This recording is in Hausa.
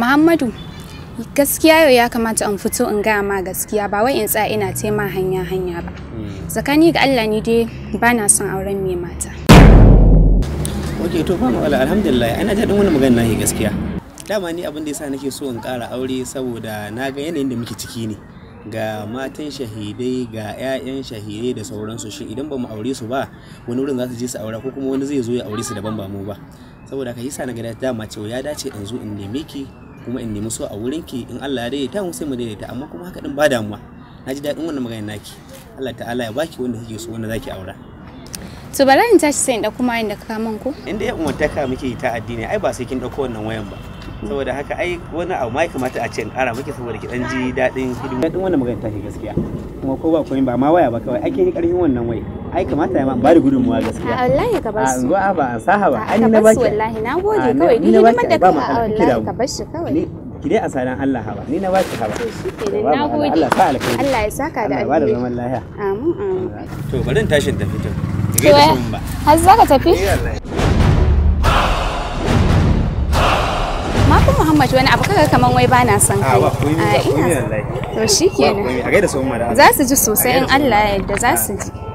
Muhammadu gaskiya yau ya kamata in fito in gaya ma gaskiya ba wai in tsaya ina tema hanya hanya ba. Hmm. Tsakani ga Allah ni dai ba na son auren mai mata. Ok to ba mawala alhamdulillah ana daɗin wani magana nahi gaskiya. Dama ni abin da yasa nake so in ƙara aure saboda na ga yanayin da muke ciki ne. ga matan shahidai ga 'ya'yan shahidai da sauransu shi idan ba mu aure su ba wani wurin za su je su aura ko kuma wani zai zo ya aure su daban ba mu ba saboda ka yi sa na ga dama cewa ya dace in zo in nemi ki kuma in nemi so a wurin ki in Allah ya daidaita mu sai mu daidaita amma kuma haka din ba damuwa na ji daɗin wannan magana naki Allah ta'ala ya baki wanda kike so wanda zaki aura to bala in tashi sai in kuma mayin da ka min ko inda ya umartaka muke ta addini ai ba sai kin dauko wannan wayan ba saboda haka ai wani abu ma kamata a ce in kara miki saboda ki dan ji dadin hidimu dadin wannan magana tashi gaskiya kuma ko ba koyin ba ma waya ba kawai ake ni karfin wannan wai ai kamata ya ma ba da gudunmuwa gaskiya a wallahi ka bar su a ba an saha ba an na baki wallahi na gode kawai ni ne da a wallahi ka bar shi kawai ki dai a asalan Allah haba ni na ba ki haba na gode Allah sa alkhairi Allah ya saka da alheri ba da zaman lafiya amin amin to bari in tashin tafi to ki ga ba har zaka ka tafi eh, Muhammad wani abu kaga kaman wai bana son kai. A ina. To shikenan. Za su ji sosai in Allah ya yarda za su ji.